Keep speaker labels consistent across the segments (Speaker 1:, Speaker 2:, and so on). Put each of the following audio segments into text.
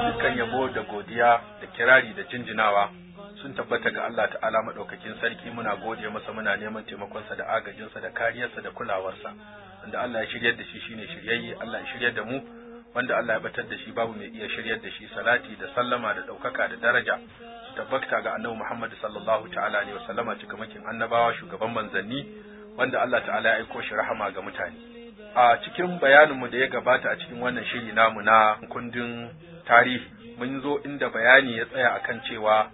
Speaker 1: dukkan yabo da godiya da kirari da jinjinawa sun tabbata ga Allah ta'ala maɗaukakin sarki muna gode masa muna neman taimakonsa da agajinsa da kariyarsa da kulawarsa wanda Allah ya shiryar da shi shine shiryayye Allah ya shiryar da mu wanda Allah ya batar da shi babu mai iya shiryar da shi salati da sallama da ɗaukaka da daraja su tabbata ga annabi Muhammad sallallahu ta'ala alaihi wasallama cikamakin annabawa shugaban manzanni wanda Allah ta'ala ya aiko shi rahama ga mutane a cikin bayaninmu da ya gabata a cikin wannan shiri namu na kundin tarihi mun zo inda bayani ya tsaya akan cewa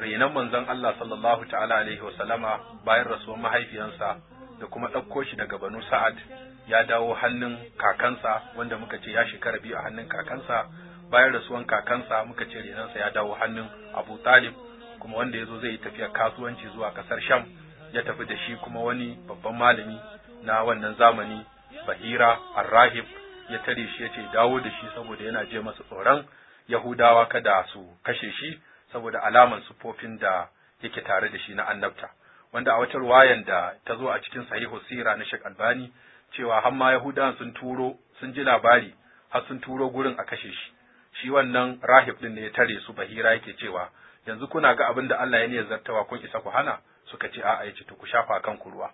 Speaker 1: renon manzon Allah sallallahu ta'ala alaihi wasallama bayan rasuwar mahaifiyansa da kuma ɗauko shi daga Banu Sa'ad ya dawo hannun kakansa wanda muka ce ya shekara biyu a hannun kakansa bayan rasuwan kakansa muka ce renonsa ya dawo hannun Abu Talib kuma wanda ya zo zai yi tafiya kasuwanci zuwa ƙasar Sham ya tafi da shi kuma wani babban malami na wannan zamani Bahira Ar-Rahib ya tare shi ya ce dawo da shi saboda yana je masa tsoron Yahudawa kada su kashe shi saboda alaman sufofin da yake tare da shi na annabta wanda a wata ruwayan da ta zo a cikin sahihu sira na Sheikh Albani cewa har ma Yahudawan sun turo sun ji labari har sun turo gurin a kashe shi shi wannan rahib din ne ya tare su bahira yake cewa yanzu kuna ga abin da Allah ya niyyar zartawa kun isa ku hana suka ce a'a yace to ku shafa kan ku ruwa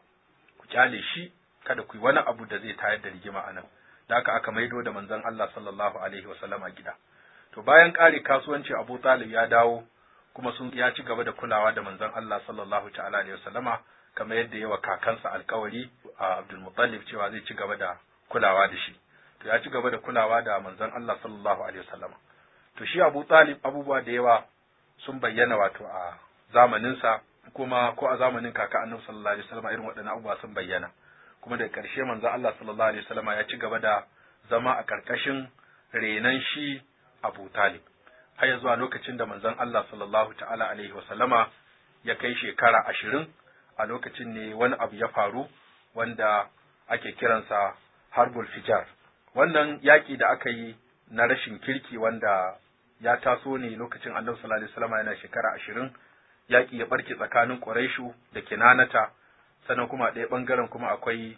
Speaker 1: ku kyale shi kada ku yi wani abu da zai tayar da rigima anan da haka aka maido da manzon Allah sallallahu alaihi a gida to bayan ƙare kasuwanci Abu Talib ya dawo kuma sun ya ci gaba da kulawa da manzon Allah sallallahu ta'ala alaihi wasallama kamar yadda yawa kakansa alkawari a Abdul Muttalib cewa zai ci gaba da kulawa da shi to ya ci gaba da kulawa da manzon Allah sallallahu alaihi wasallama to shi Abu Talib abubuwa da yawa sun bayyana wato a zamaninsa kuma ko a zamanin kaka annabi sallallahu alaihi wasallama irin waɗannan abubuwa sun bayyana kuma da ƙarshe manzo Allah sallallahu alaihi wasallama ya ci gaba da zama a ƙarƙashin renan shi Abu Talib har zuwa lokacin da manzon Allah sallallahu ta'ala alaihi wasallama ya kai shekara ashirin a lokacin ne wani abu ya faru wanda ake kiransa harbul fijar wannan yaƙi da aka yi na rashin kirki wanda ya taso ne lokacin annabi sallallahu alaihi wasallama yana shekara ashirin yaƙi ya barke tsakanin Quraishu da Kinanata sannan kuma ɗaya ɓangaren kuma akwai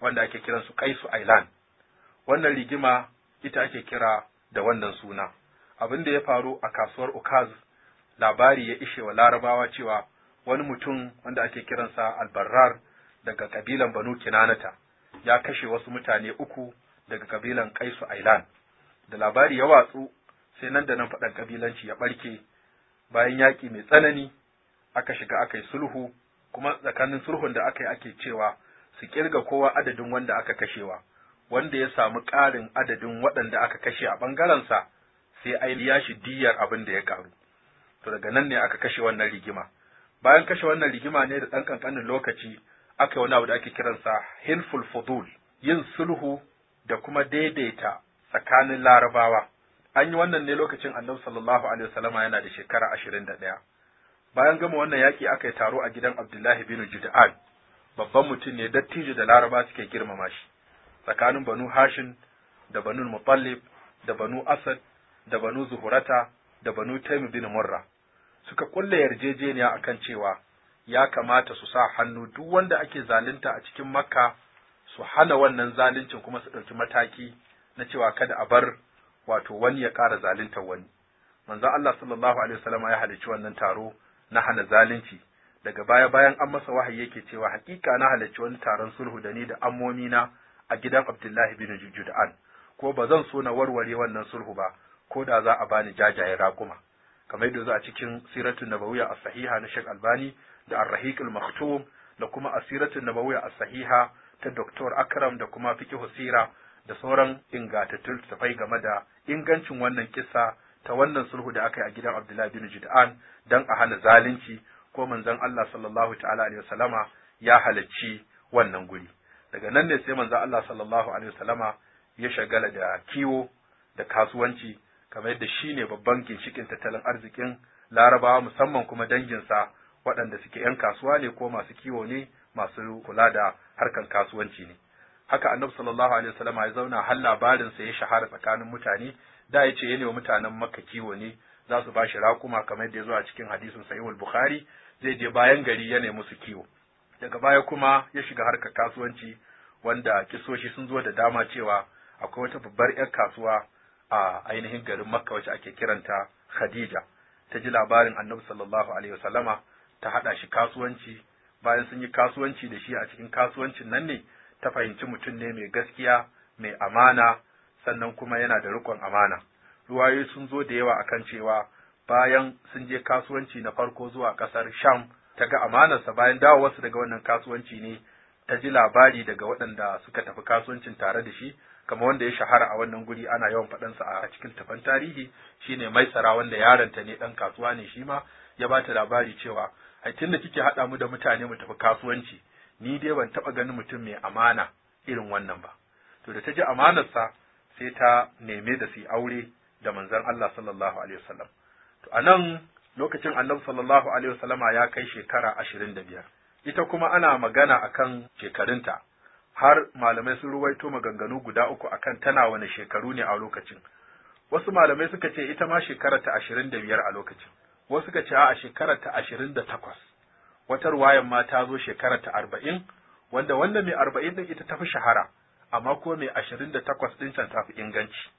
Speaker 1: wanda ake kiran su Kaisu Island. Wannan rigima ita ake kira da wannan suna. Abin da ya faru a kasuwar okaz labari ya ishe wa larabawa cewa wani mutum wanda ake kiransa albarrar daga kabilan Banu Kinanata ya kashe wasu mutane uku daga kabilan Kaisu Island. Da labari ya watsu sai nan da nan faɗan kabilanci ya ɓarke bayan yaƙi mai tsanani aka shiga aka yi sulhu kuma tsakanin sulhun da aka yi ake cewa su kirga kowa adadin wanda aka kashewa wanda ya samu ƙarin adadin waɗanda aka kashe a ɓangarensa sai a yi shi diyar abin da ya karu to daga nan ne aka kashe wannan rigima bayan kashe wannan rigima ne da ɗan ƙanƙanin lokaci aka yi wani abu da ake kiransa hilful fudul yin sulhu da kuma daidaita tsakanin larabawa an yi wannan ne lokacin annabi sallallahu alaihi wasallama yana da shekara ashirin da ɗaya bayan gama wannan yaƙi aka yi taro a gidan Abdullahi bin Jud'an babban mutum ne dattijo da Laraba suke girmama shi tsakanin Banu Hashim da Banu Muttalib da Banu Asad da Banu Zuhurata da Banu Taym bin Murra suka kulle yarjejeniya akan cewa ya kamata su sa hannu duk wanda ake zalunta a cikin Makka su hana wannan zaluncin kuma su ɗauki mataki na cewa kada a bar wato wani ya ƙara zaluntar wani manzo Allah sallallahu alaihi wasallam ya halicci wannan taro na hana zalunci daga baya bayan an masa wahayi yake cewa hakika na halarci wani taron sulhu da ni da ammomina na a gidan Abdullahi bin Jujud'an ko ba zan so na warware wannan sulhu ba ko da za a bani jajayen raƙuma kamar yadda za a cikin siratul nabawiyya as-sahiha na Sheikh Albani da Ar-Rahiq al-Maktum da kuma asiratul nabawiyya as-sahiha ta Dr. Akram da kuma fiqh sira da sauran ingantattun tafai game da ingancin wannan kissa ta wannan sulhu da aka yi a gidan Abdullahi bin Jid'an dan a hana zalunci ko manzon Allah sallallahu ta'ala alaihi wasallama ya halacci wannan guri daga nan ne sai manzon Allah sallallahu alaihi wasallama ya shagala da kiwo da kasuwanci kamar yadda shi ne babban ginshikin tattalin arzikin larabawa musamman kuma danginsa waɗanda suke ‘yan kasuwa ne ko masu kiwo ne masu kula da harkar kasuwanci ne. Haka annabi sallallahu alaihi wasallama ya zauna har labarinsa ya shahara tsakanin mutane da ya ce yana wa mutanen makka kiwo ne za su ba shi raƙuma kamar da ya zo a cikin hadisin sahihul bukhari zai je bayan gari yana musu kiwo daga baya kuma ya shiga harkar kasuwanci wanda kisoshi sun zo da dama cewa akwai wata babbar 'yar kasuwa a ainihin garin makka wacce ake kiranta khadija ta ji labarin annabi sallallahu alaihi wasallama ta haɗa shi kasuwanci bayan sun yi kasuwanci da shi a cikin kasuwancin nan ne ta fahimci mutum ne mai gaskiya mai amana sannan kuma yana da rikon amana Ruwaye sun zo da yawa akan cewa bayan sun je kasuwanci na farko zuwa ƙasar sham ta ga amanarsa bayan dawowarsa daga wannan kasuwanci ne ta ji labari daga waɗanda suka tafi kasuwancin tare da shi kamar wanda ya shahara a wannan guri ana yawan faɗansa a cikin tafan tarihi shine maisara wanda yaronta ne ɗan kasuwa ne shi ma ya ba ta labari cewa ai da kike haɗa mu da mutane mu tafi kasuwanci ni dai ban taɓa ganin mutum mai amana irin wannan ba to da ta ji amanarsa sai ta neme da su aure da manzon Allah sallallahu alaihi wasallam to anan lokacin annabi sallallahu alaihi wasallama ya kai shekara ashirin da biyar ita kuma ana magana akan shekarunta har malamai sun ruwaito maganganu guda uku akan tana wani shekaru ne a lokacin wasu malamai suka ce ita ma shekarar ta ashirin da biyar a lokacin wasu suka ce a shekarar ta ashirin da takwas wata ruwayan ma ta zo shekarar ta arba'in wanda wanda mai arba'in din ita ta fi shahara a mako mai ashirin da takwas ɗin can tafi inganci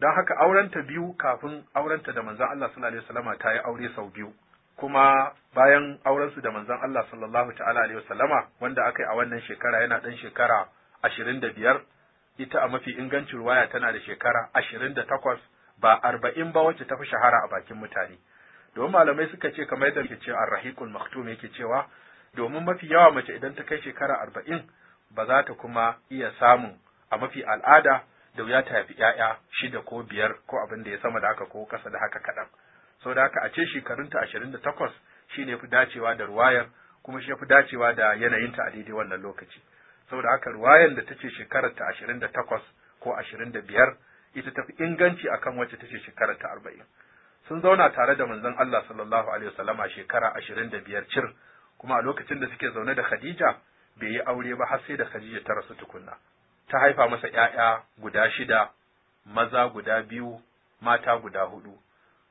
Speaker 1: don haka aurenta biyu kafin aurenta da manzan Allah sallallahu alaihi wasallama ta yi aure sau biyu kuma bayan aurensu da manzan Allah sallallahu ta'ala alaihi wasallama wanda aka yi a wannan shekara yana ɗan shekara ashirin da biyar ita a mafi ingancin ruwaya tana da shekara ashirin da takwas ba arba'in ba wacce ta fi shahara a bakin mutane domin malamai suka ce kamar yadda ke cewa rahikul maktum yake cewa domin mafi yawa mace idan ta kai shekara arba'in ba za ta kuma iya samun a mafi al'ada da wuya ta haifi ‘ya'ya shida ko biyar ko abin da ya sama da haka ko kasa da haka kaɗan. Sau da haka a ce shekarunta ashirin da takwas shi ne fi dacewa da ruwayar kuma shi fi dacewa da yanayinta a daidai wannan lokaci. Sau da haka ruwayar da ta ce shekararta ashirin da takwas ko ashirin da biyar ita ta fi inganci a kan wacce ta ce shekararta arba'in. Sun zauna tare da manzon Allah sallallahu alaihi wasallama shekara ashirin da biyar cir kuma a lokacin da suke zaune da Khadija bai yi aure ba har sai da Khadija ta rasu tukunna ta haifa masa ‘ya'ya guda shida maza guda biyu mata guda hudu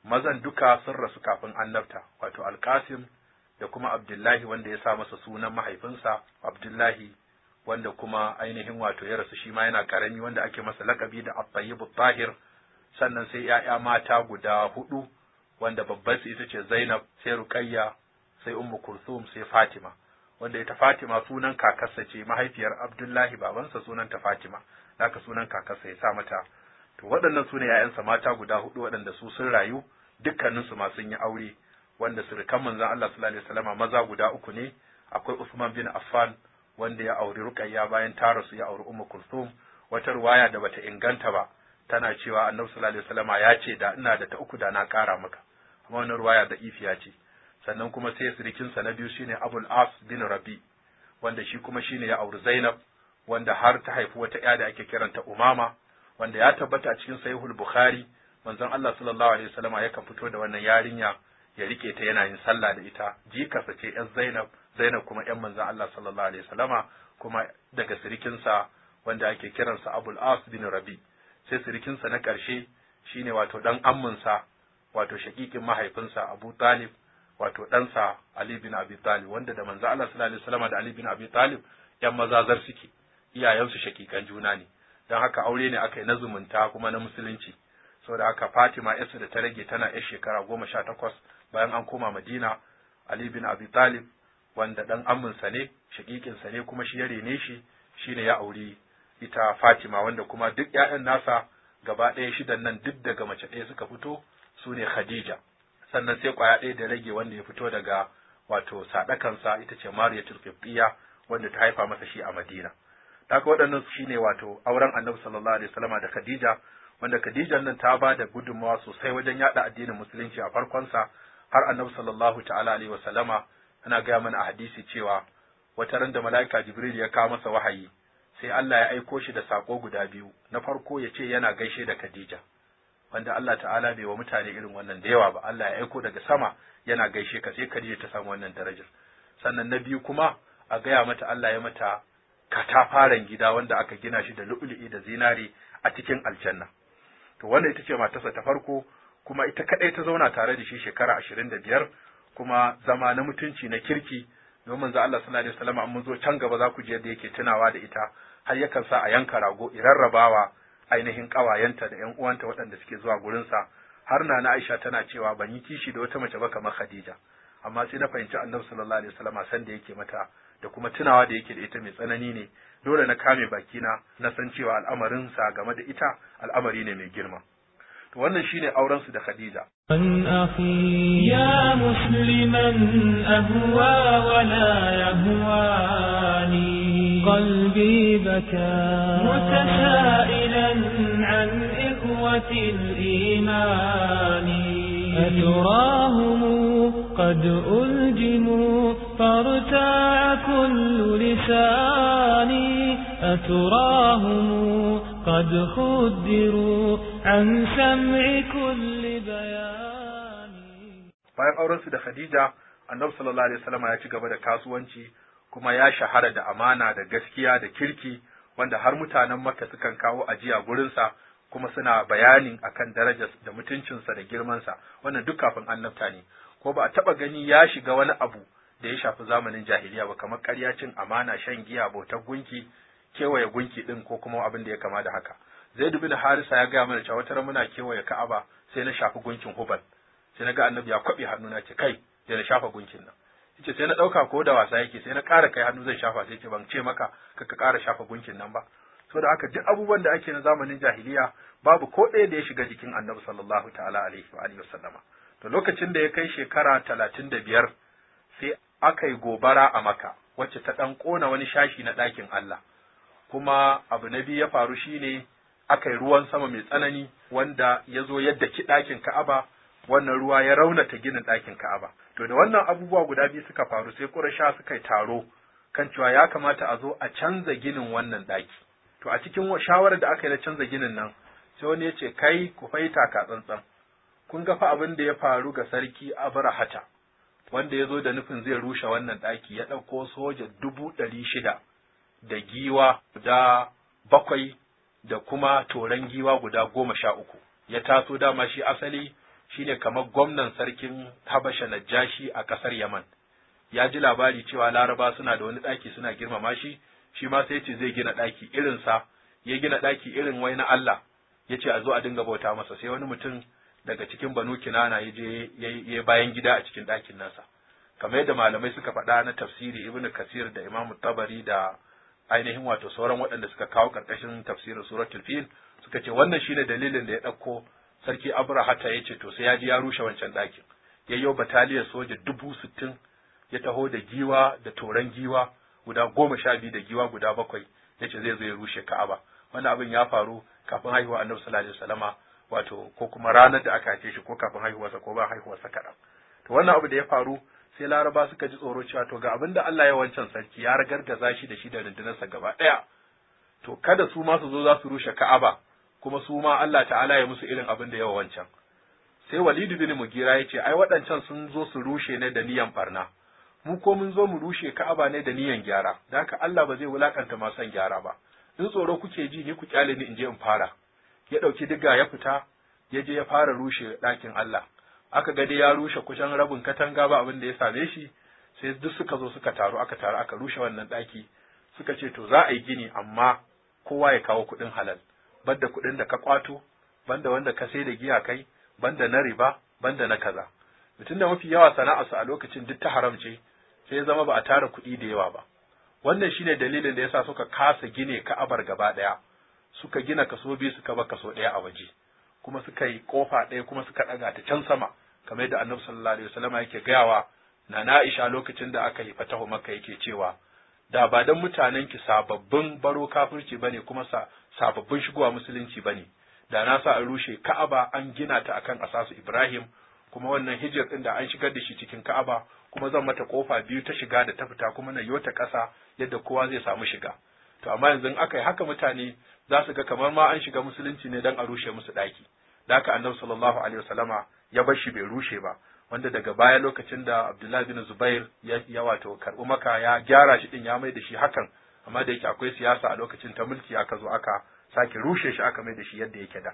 Speaker 1: mazan duka sun rasu kafin annabta wato alkasim da kuma abdullahi wanda ya sa masa sunan mahaifinsa abdullahi wanda kuma ainihin wato ya rasu shi ma yana karami wanda ake masa lakabi da abbayibu tahir sannan sai ‘ya'ya mata guda hudu wanda babbar su ita ce zainab sai ruqayya sai ummu kulthum sai fatima wanda ita Fatima sunan kakarsa ce mahaifiyar Abdullahi babansa sunan ta Fatima haka sunan kakarsa ya sa mata to waɗannan sune 'yayan ‘ya'yansa mata guda hudu waɗanda su sun rayu dukkaninsu ma sun yi aure wanda surukan manzon Allah sallallahu alaihi wasallama maza guda uku ne akwai Usman bin Affan wanda ya auri Ruqayya bayan ta rasu ya auri Ummu Kulthum wata ruwaya da bata inganta ba tana cewa Annabi sallallahu alaihi wasallama ya ce da ina da ta uku da na ƙara maka amma wannan ruwaya da ifiya ce sannan kuma sai sirikinsa na biyu shine Abul As bin Rabi wanda shi kuma shine ya auri Zainab wanda har ta haifi wata ya da ake kiranta Umama wanda ya tabbata a cikin Sahihul Bukhari manzon Allah sallallahu alaihi ya kan fito da wannan yarinya ya rike ta yana yin sallah da ita jikarsa ce 'yan Zainab Zainab kuma 'yan manzon Allah sallallahu alaihi kuma daga sirikinsa wanda ake kiransa Abul As bin Rabi sai sirikinsa na ƙarshe shine wato dan amminsa wato shaƙiƙin mahaifinsa Abu Talib wato ɗansa Ali bin Abi Talib wanda da manzo Allah sallallahu alaihi wasallam da Ali bin Abi Talib ƴan mazazar suke iyayensu shakikan juna ne don haka aure ne aka yi na zumunta kuma na musulunci saboda haka Fatima yarsa da ta rage tana yar shekara goma sha takwas bayan an koma Madina Ali bin Abi Talib wanda ɗan aminsa ne shakikinsa ne kuma shi ya rene shi shine ya auri ita Fatima wanda kuma duk ’ya'yan nasa gaba ɗaya shidan nan duk daga mace ɗaya suka fito su ne Khadija. sannan sai kwaya ɗaya da rage wanda ya fito daga wato sadakansa ita ce mariyatul qibtiyya wanda ta haifa masa shi a madina ka waɗannan shine wato auren annabi sallallahu alaihi wasallama da khadija wanda khadija nan ta ba da gudunmawa sosai wajen yada addinin musulunci a farkonsa har annabi sallallahu ta'ala alaihi wasallama ana gaya mana a hadisi cewa wata ran da mala'ika jibril ya kawo masa wahayi sai Allah ya aiko shi da sako guda biyu na farko ya ce yana gaishe da khadija wanda Allah ta'ala bai wa mutane irin wannan da yawa ba Allah ya aiko daga sama yana gaishe ka sai Khadija ta samu wannan darajar sannan na biyu kuma a gaya mata Allah ya mata katafaren gida wanda aka gina shi da lu'lu'i da zinari a cikin aljanna to wannan ita ce matarsa ta farko kuma ita kadai ta zauna tare da shi shekara ashirin da biyar kuma zama na mutunci na kirki don manzo Allah sallallahu alaihi wasallam an mun zo can gaba za ku je da yake tunawa da ita har yakan sa a yanka rago irarrabawa ainihin ƙawayenta da ‘yan uwanta waɗanda suke zuwa gurinsa har na na Aisha tana cewa ban yi kishi da wata mace ba kamar Khadija amma sai na fahimci Annabi sallallahu alaihi wasallam san da yake mata da kuma tunawa da yake da ita mai tsanani ne dole na kame bakina na san cewa al'amarinsa game da ita al'amari ne mai girma to wannan shine auren su da Khadija an akhi ya musliman ahwa wa la yahwani qalbi baka عن إخوة الإيمان أتراهم قد ألجموا فارتاع كل لسان أتراهم قد خدروا عن سمع كل بيان طيب أورا سيدة خديجة النب صلى الله عليه وسلم يأتي قبل كاسوانتي كما يا حرد أمانة دا قسكية دا كيركي wanda har mutanen Makka sukan kawo ajiya gurinsa kuma suna bayanin akan darajar da mutuncinsa da girmansa wannan duk kafin annabta ne ko ba a taba gani ya shiga wani abu da ya shafi zamanin jahiliya ba kamar ƙarya cin amana shan giya bautar gunki kewaye gunki din ko kuma abin da ya kama da haka Zaid bin Harisa ya gaya mana cewa wata muna kewaye Ka'aba sai na shafi gunkin Hubal sai na ga annabi ya kwabe hannuna ce kai da na shafa gunkin nan yace sai na ɗauka ko da wasa yake sai na ƙara kai hannu zai shafa sai ce ban ce maka ka ka ƙara shafa gunkin nan ba da haka duk abubuwan da ake na zamanin jahiliya babu ko ɗaya da ya shiga jikin annabi sallallahu ta'ala alaihi wa alihi wasallama to lokacin da ya kai shekara talatin da biyar sai aka yi gobara a maka wacce ta ɗan ƙona wani shashi na ɗakin Allah kuma abu na biyu ya faru shine aka yi ruwan sama mai tsanani wanda ya zo yadda ki ɗakin Ka'aba wannan ruwa ya raunata ginin ɗakin Ka'aba. To da wannan abubuwa guda biyu suka faru sai Quraysha suka taro kan cewa ya kamata a zo a canza ginin wannan ɗaki. To a cikin shawarar da aka yi na canza ginin nan sai wani ya ce kai ku faita ka tsantsan. Kun ga fa abin da ya faru ga sarki Abrahata wanda ya zo da nufin zai rushe wannan ɗaki ya ɗauko soja dubu ɗari shida da giwa guda bakwai da kuma toran giwa guda goma sha uku. Ya taso dama shi asali shine kamar gwamnan sarkin Habasha Najashi a ƙasar Yaman. Ya ji labari cewa Laraba suna da wani ɗaki suna girmama shi, shi ma sai ce zai gina ɗaki irinsa, ya gina ɗaki irin wai na Allah, ya ce a zo a dinga bauta masa sai wani mutum daga cikin Banu Kinana ya je ya bayan gida a cikin ɗakin nasa. Kamar yadda malamai suka faɗa na tafsiri Ibn Kasir da Imam Tabari da ainihin wato sauran waɗanda suka kawo ƙarƙashin tafsirin suratul fil suka ce wannan shine dalilin da ya ɗauko sarki abrahata ya ce to sai ya ji ya rushe wancan ɗakin wa bataliyar soja dubu sittin ya taho da giwa da toran giwa guda goma sha biyu da giwa guda bakwai ya ce zai zo ya rushe ka'aba wannan abin ya faru kafin haihuwa annabi sallallahu alaihi wasallama wato ko kuma ranar da aka ce shi ko kafin haihuwarsa ko ba haihuwarsa kaɗan to wannan abu da ya faru sai laraba suka ji tsoro cewa to ga abin da Allah ya wancan sarki ya ragargaza shi da shi da rundunarsa gaba ɗaya to kada su ma su zo za su rushe ka'aba kuma su ma Allah ta'ala ya musu irin abin da yawa wancan sai walidu bin mugira ya ce ai waɗancan sun zo su rushe ne da niyan barna mu ko mun zo mu rushe ka'aba ne da niyan gyara da haka Allah ba zai wulakanta masan gyara ba in tsoro kuke ji ni ku kyale ni in je in fara ya ɗauki diga ya fita ya je ya fara rushe ɗakin Allah aka ga dai ya rushe kusan rabin katanga ba abin da ya same shi sai duk suka zo suka taru aka taru aka rushe wannan ɗaki suka ce to za a yi gini amma kowa ya kawo kuɗin halal banda kuɗin da ka kwato banda wanda ka sai da giya kai banda na riba banda na kaza mutum da mafi yawa sana'arsa a lokacin duk ta haramce sai ya zama ba a tara kuɗi da yawa ba wannan shine dalilin da yasa suka kasa gine ka'abar gaba ɗaya suka gina kaso biyu suka ba kaso ɗaya a waje kuma suka yi kofa ɗaya kuma suka ɗaga ta can sama kamar yadda annabi sallallahu alaihi wasallam yake gayawa na Aisha lokacin da aka yi fatahu Makka yake cewa da ba dan mutanen ki sababbin baro kafirci bane kuma sa sababbin shigowa musulunci bane da na sa an rushe Ka'aba an gina ta akan asasu Ibrahim kuma wannan hijir din da an shigar da shi cikin Ka'aba kuma zan mata kofa biyu ta shiga da ta fita kuma na yota ƙasa yadda kowa zai samu shiga to amma yanzu in aka yi haka mutane za su ga kamar ma an shiga musulunci ne dan a rushe musu ɗaki da haka annabi sallallahu alaihi wasallama ya bar shi bai rushe ba wanda daga baya lokacin da Abdullahi bin Zubair ya ya wato karɓi maka ya gyara shi din ya mai da shi hakan amma da yake akwai siyasa a lokacin ta mulki aka zo aka sake rushe shi aka mai da shi yadda yake da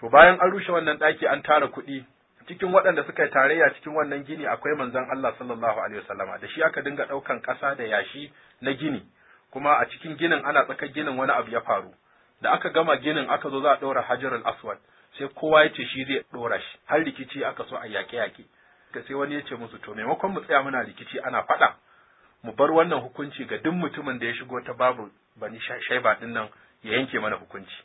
Speaker 1: to bayan an rushe wannan daki, an tara kuɗi cikin waɗanda suka yi tarayya cikin wannan gini akwai manzon Allah sallallahu alaihi wasallama da shi aka dinga ɗaukan ƙasa da yashi na gini kuma a cikin ginin ana tsakar ginin wani abu ya faru da aka gama ginin aka zo za a ɗora hajar aswad sai kowa ya ce shi zai ɗora shi har rikici aka so a yaƙe yaƙe ka sai wani ya ce musu to maimakon mu tsaya muna rikici ana faɗa mu bar wannan hukunci ga duk mutumin da ya shigo ta babu bani shaiba din nan ya yanke mana hukunci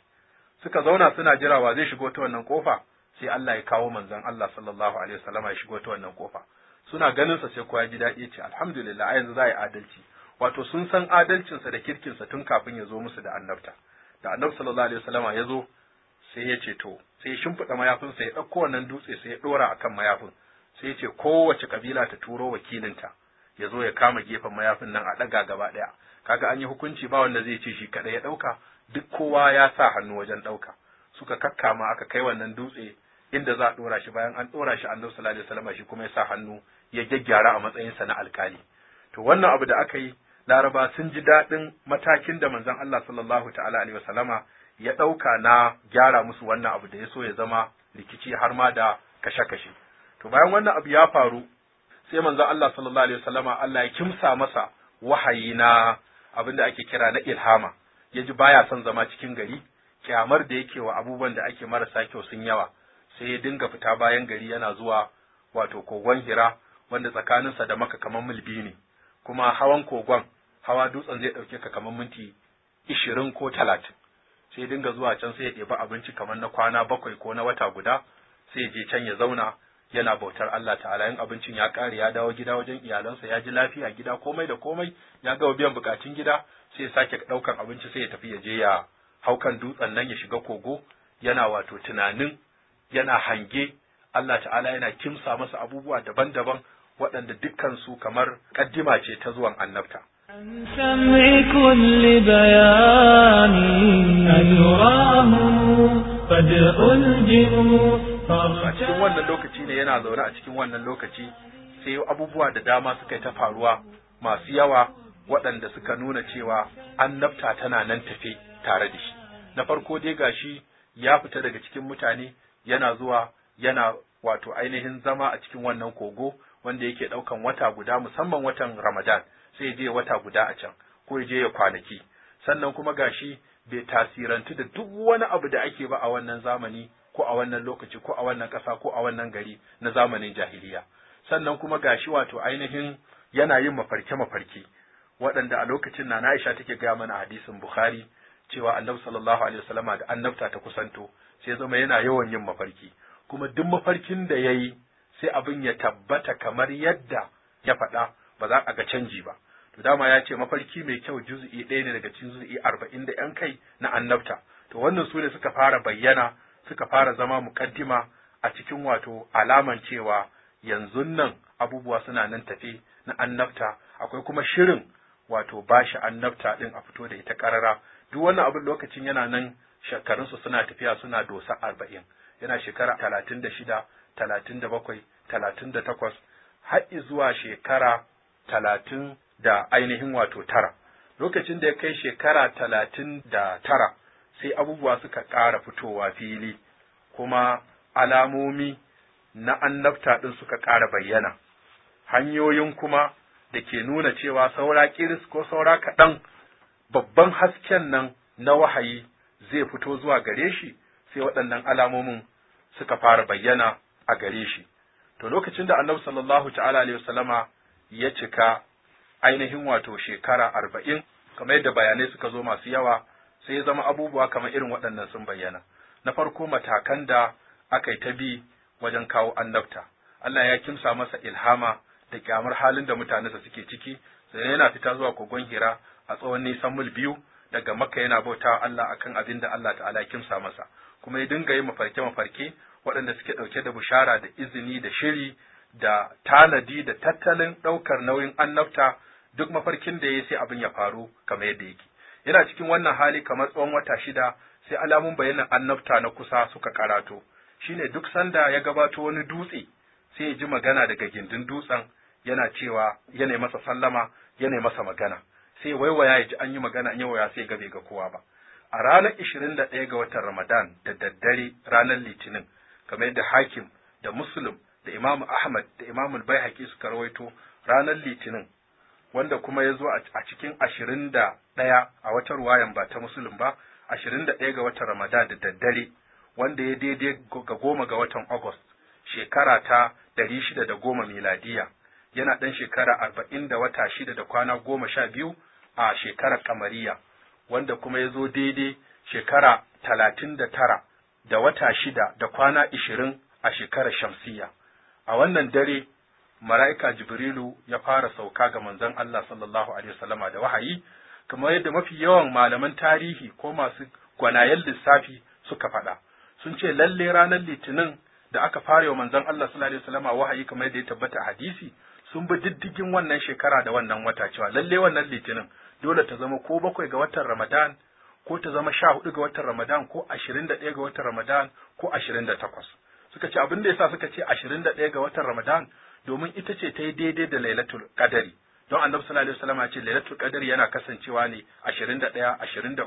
Speaker 1: suka zauna suna jirawa zai shigo ta wannan kofa sai Allah ya kawo manzon Allah sallallahu alaihi wasallama ya shigo ta wannan kofa suna ganin sa sai kowa ya ji daɗi ya ce alhamdulillah a yanzu za a yi adalci wato sun san adalcin sa da kirkin sa tun kafin ya zo musu da annabta da annabi sallallahu alaihi wasallama ya zo sai ya ce to sai ya shimfiɗa mayafinsa ya ɗauko wannan dutse sai ya ɗora akan mayafin sai ce kowace kabila ta turo wakilinta ya zo ya kama gefen mayafin nan a ɗaga gaba ɗaya kaga an yi hukunci ba wanda zai ce shi kaɗai ya ɗauka duk kowa ya sa hannu wajen ɗauka suka kakkama aka kai wannan dutse inda za a ɗora shi bayan an ɗora shi annabi sallallahu alaihi wasallam shi kuma ya sa hannu ya gyaggyara a matsayinsa na alkali to wannan abu da aka yi laraba sun ji daɗin matakin da manzon Allah sallallahu ta'ala alaihi wasallama ya ɗauka na gyara musu wannan abu da ya so ya zama rikici har ma da kashe-kashe to bayan wannan abu ya faru sai manzo Allah sallallahu alaihi wasallama Allah ya kimsa masa wahayi na abin da ake kira na ilhama ya ji baya son zama cikin gari kyamar da yake wa abubuwan da ake marasa kyau sun yawa sai ya dinga fita bayan gari yana zuwa wato kogon hira wanda tsakaninsa da maka kamar mulbi ne kuma hawan kogon hawa dutsen zai ɗauke ka kamar minti ishirin ko talatin sai ya dinga zuwa can sai ya ɗebi abinci kamar na kwana bakwai ko na wata guda sai ya je can ya zauna yana bautar Allah ta'ala in abincin ya kare ya dawo gida wajen iyalansa ya ji lafiya gida komai da komai ya ga biyan bukatun gida sai ya sake ɗaukar abinci sai ya tafi ya je ya haukan dutsen nan ya shiga kogo yana wato tunanin yana hange Allah ta'ala yana kimsa masa abubuwa daban-daban waɗanda dukkan su kamar kaddima ce ta zuwan annabta قد a cikin wannan lokaci ne yana zaune a cikin wannan lokaci sai abubuwa da dama suka yi ta faruwa masu yawa waɗanda suka nuna cewa an nafta tana nan tafe tare da shi na farko dai gashi ya fita daga cikin mutane yana zuwa yana wato ainihin zama a cikin wannan kogo wanda yake ɗaukan wata guda musamman watan Ramadan sai je wata guda a can ko ya je ya kwanaki sannan kuma gashi bai tasirantu da duk wani abu da ake ba a wannan zamani ko a wannan lokaci ko a wannan ƙasa ko a wannan gari na zamanin jahiliya sannan kuma gashi wato ainihin yana yin mafarke-mafarke waɗanda a lokacin na Aisha take gaya mana hadisin Bukhari cewa Annabi sallallahu alaihi wasallama da annabta ta kusanto sai zama yana yawan yin mafarki kuma duk mafarkin da yayi sai abin ya tabbata kamar yadda ya faɗa ba za a ga canji ba to dama ya ce mafarki mai kyau juz'i ɗaya ne daga cikin juz'i arba'in da ‘yan kai na annabta to wannan su ne suka fara bayyana suka fara zama mukaddima a cikin wato alaman cewa yanzu nan abubuwa suna nan tafe na annabta akwai kuma shirin wato bashi annabta din a fito da ita karara duk wannan abin lokacin yana nan shekarunsu suna tafiya suna dosa arba'in yana shekara talatin da shida talatin da bakwai talatin da takwas har zuwa shekara talatin da ainihin wato tara lokacin da ya kai shekara talatin da tara sai abubuwa suka ƙara fitowa fili kuma alamomi na annabta ɗin suka ƙara bayyana hanyoyin kuma da ke nuna cewa saura kiris ko saura kaɗan babban hasken nan na wahayi zai fito zuwa gare shi sai waɗannan alamomin suka fara bayyana a gare shi to lokacin da annabi sallallahu ta'ala alaihi wasallama ya cika ainihin wato shekara arba'in kamar yadda bayanai suka zo masu yawa sai zama abubuwa kamar irin waɗannan sun bayyana na farko matakan da aka yi ta bi wajen kawo annabta Allah ya kimsa masa ilhama da kyamar halin da mutanensa suke ciki sai yana fita zuwa kogon hira a tsawon nisan mil biyu daga makka yana bauta Allah akan abin da Allah ta'ala ya kimsa masa kuma ya dinga yin mafarke mafarke waɗanda suke ɗauke da bushara da izini da shiri da tanadi da tattalin ɗaukar nauyin annabta duk mafarkin da ya sai abin ya faru kamar yadda yake yana cikin wannan hali kamar tsawon wata shida sai alamun bayanan annabta na kusa suka karato shine duk sanda ya gabato wani dutse sai ya ji magana daga gindin dutsen yana cewa yana masa sallama yana masa magana sai waiwaya ya ji an yi magana an waya sai ga bai ga kowa ba a ranar ishirin da ɗaya ga watan ramadan da daddare ranar litinin kamar yadda hakim da muslim da imamu ahmad da imamu baihaqi suka rawaito ranar litinin wanda kuma ya zo a cikin ashirin da ɗaya a wata ruwayan ba ta musulun ba ashirin da ɗaya ga watan ramadan da daddare wanda ya daidai ga goma ga watan agust shekara ta ɗari shida da goma miladiya yana ɗan shekara arba'in da wata shida da kwana goma sha biyu a shekarar kamariya wanda kuma ya zo daidai shekara talatin da tara da wata shida da kwana ishirin a shekarar shamsiya a wannan dare mala'ika Jibrilu ya fara sauka ga manzon Allah sallallahu alaihi wasallama da wahayi kamar yadda mafi yawan malaman tarihi ko masu gwanayen lissafi suka faɗa sun ce lalle ranar litinin da aka fara wa manzon Allah sallallahu alaihi wasallama wahayi kamar yadda ya tabbata hadisi sun bi diddigin wannan shekara da wannan wata cewa lalle wannan litinin dole ta zama ko bakwai ga watan Ramadan ko ta zama sha hudu ga watan Ramadan ko ashirin da ɗaya ga watan Ramadan ko ashirin da takwas. Suka ce abin da ya sa suka ce ashirin da ɗaya ga watan Ramadan domin ita ce ta yi daidai da lailatul qadari don annabi sallallahu alaihi wasallam ya ce lailatul qadari yana kasancewa ne 21 23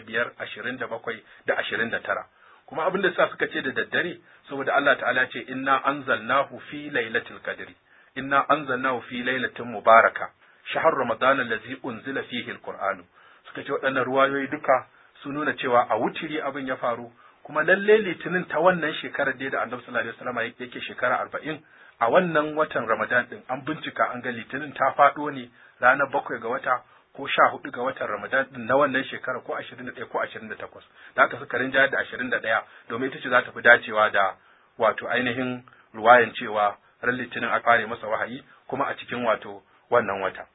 Speaker 1: 25 27 da 29 kuma abin da sa suka ce da daddare saboda Allah ta'ala ya ce inna anzalnahu fi lailatul qadri inna anzalnahu fi lailatin mubaraka shahar ramadan allazi unzila fihi alquran suka ce waɗannan ruwayoyi duka su nuna cewa a wutiri abin ya faru kuma lalle litinin ta wannan shekarar dai da annabi sallallahu alaihi wasallam yake shekara arba'in a wannan watan Ramadan ɗin an bincika an ga litinin ta faɗo ne ranar bakwai ga wata ko sha hudu ga watan Ramadan ɗin na wannan shekara ko ashirin da ɗaya ko ashirin da takwas da aka suka rinjayar da ashirin da ɗaya domin ita ce za ta fi dacewa da wato ainihin ruwayan cewa ran litinin a fare masa wahayi kuma a cikin wato wannan wata.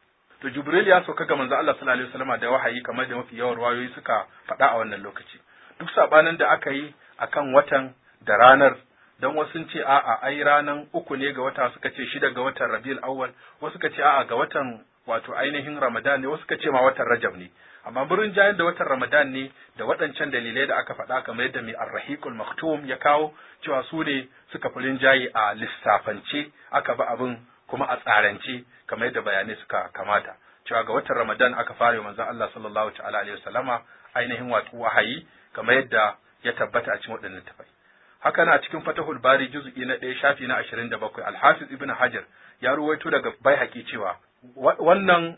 Speaker 1: To Jibril ya sauka ga manzo Allah sallallahu alaihi wasallam da wahayi kamar da mafi yawan ruwayoyi suka faɗa a wannan lokaci. Duk sabanin da aka yi akan watan da ranar don wasu sun ce a'a ai ranan uku ne ga wata suka ce shida ga watan Rabiul Awwal wasu suka ce a'a ga watan wato ainihin Ramadan ne wasu suka ce ma watan Rajab ne amma burin jayin da watan Ramadan ne da waɗancan dalilai da aka faɗa kamar yadda mai Ar-Rahiqul Maktum ya kawo cewa su ne suka furin jayi a lissafance aka ba abin kuma a tsarance kamar yadda bayanai suka kamata cewa ga watan Ramadan aka fara manzon Allah sallallahu ta'ala alaihi wasallama ainihin wato wahayi kamar yadda ya tabbata a cikin waɗannan tafai haka na cikin fatahul bari juz'i na ɗaya shafi na ashirin da bakwai alhafiz ibn hajar ya ruwaito daga baihaqi cewa wannan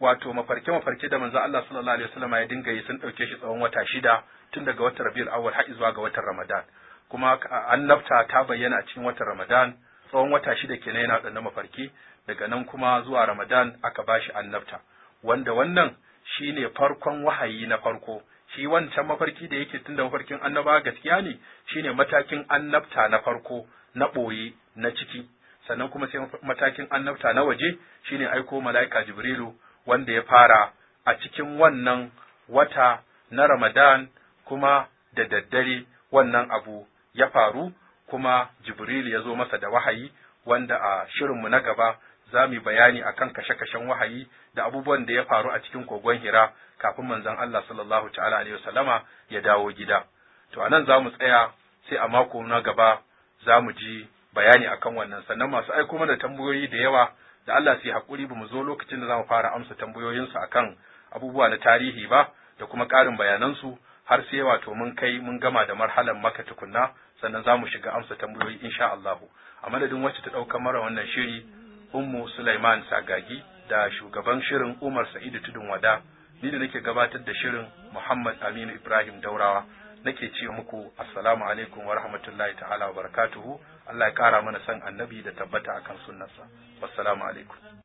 Speaker 1: wato mafarke mafarke da manzo Allah sallallahu alaihi wasallam ya dinga yi sun dauke shi tsawon wata shida tun daga watan Rabiul Awwal har zuwa ga watan Ramadan kuma annabta ta bayyana a cikin watan Ramadan tsawon wata shida kenan yana na mafarki daga nan kuma zuwa Ramadan aka bashi annabta wanda wannan shine farkon wahayi na farko shi wancan mafarki da yake da mafarkin annaba gaskiya ne shine matakin annabta na farko na ɓoye na ciki sannan kuma sai matakin annabta na waje shine aiko mala'ika jibrilu wanda ya fara a cikin wannan wata na ramadan kuma da daddare wannan abu ya faru kuma jibrilu ya zo masa da wahayi wanda a shirinmu na gaba za mu yi bayani akan kashe-kashen wahayi da abubuwan da ya faru a cikin kogon Hira kafin manzon Allah sallallahu ta'ala alaihi wasallama ya dawo gida. To anan za mu tsaya sai a mako na gaba za mu ji bayani akan wannan sannan masu aiko mana tambayoyi da yawa da Allah sai hakuri ba mu zo lokacin da za mu fara amsa tambayoyinsu akan abubuwa na tarihi ba da kuma ƙarin bayanansu har sai wato mun kai mun gama da marhalan maka tukunna sannan za mu shiga amsa tambayoyi insha Allah a madadin wacce ta ɗauka mara wannan shiri Ummu Sulaiman Sagagi da shugaban shirin Umar Sa'idu Tudun Wada ni da nake gabatar da shirin Muhammad Aminu Ibrahim Daurawa nake ce muku assalamu alaikum wa rahmatullahi ta'ala wa barakatuhu Allah ya kara mana son annabi da tabbata akan sunnarsa wassalamu alaikum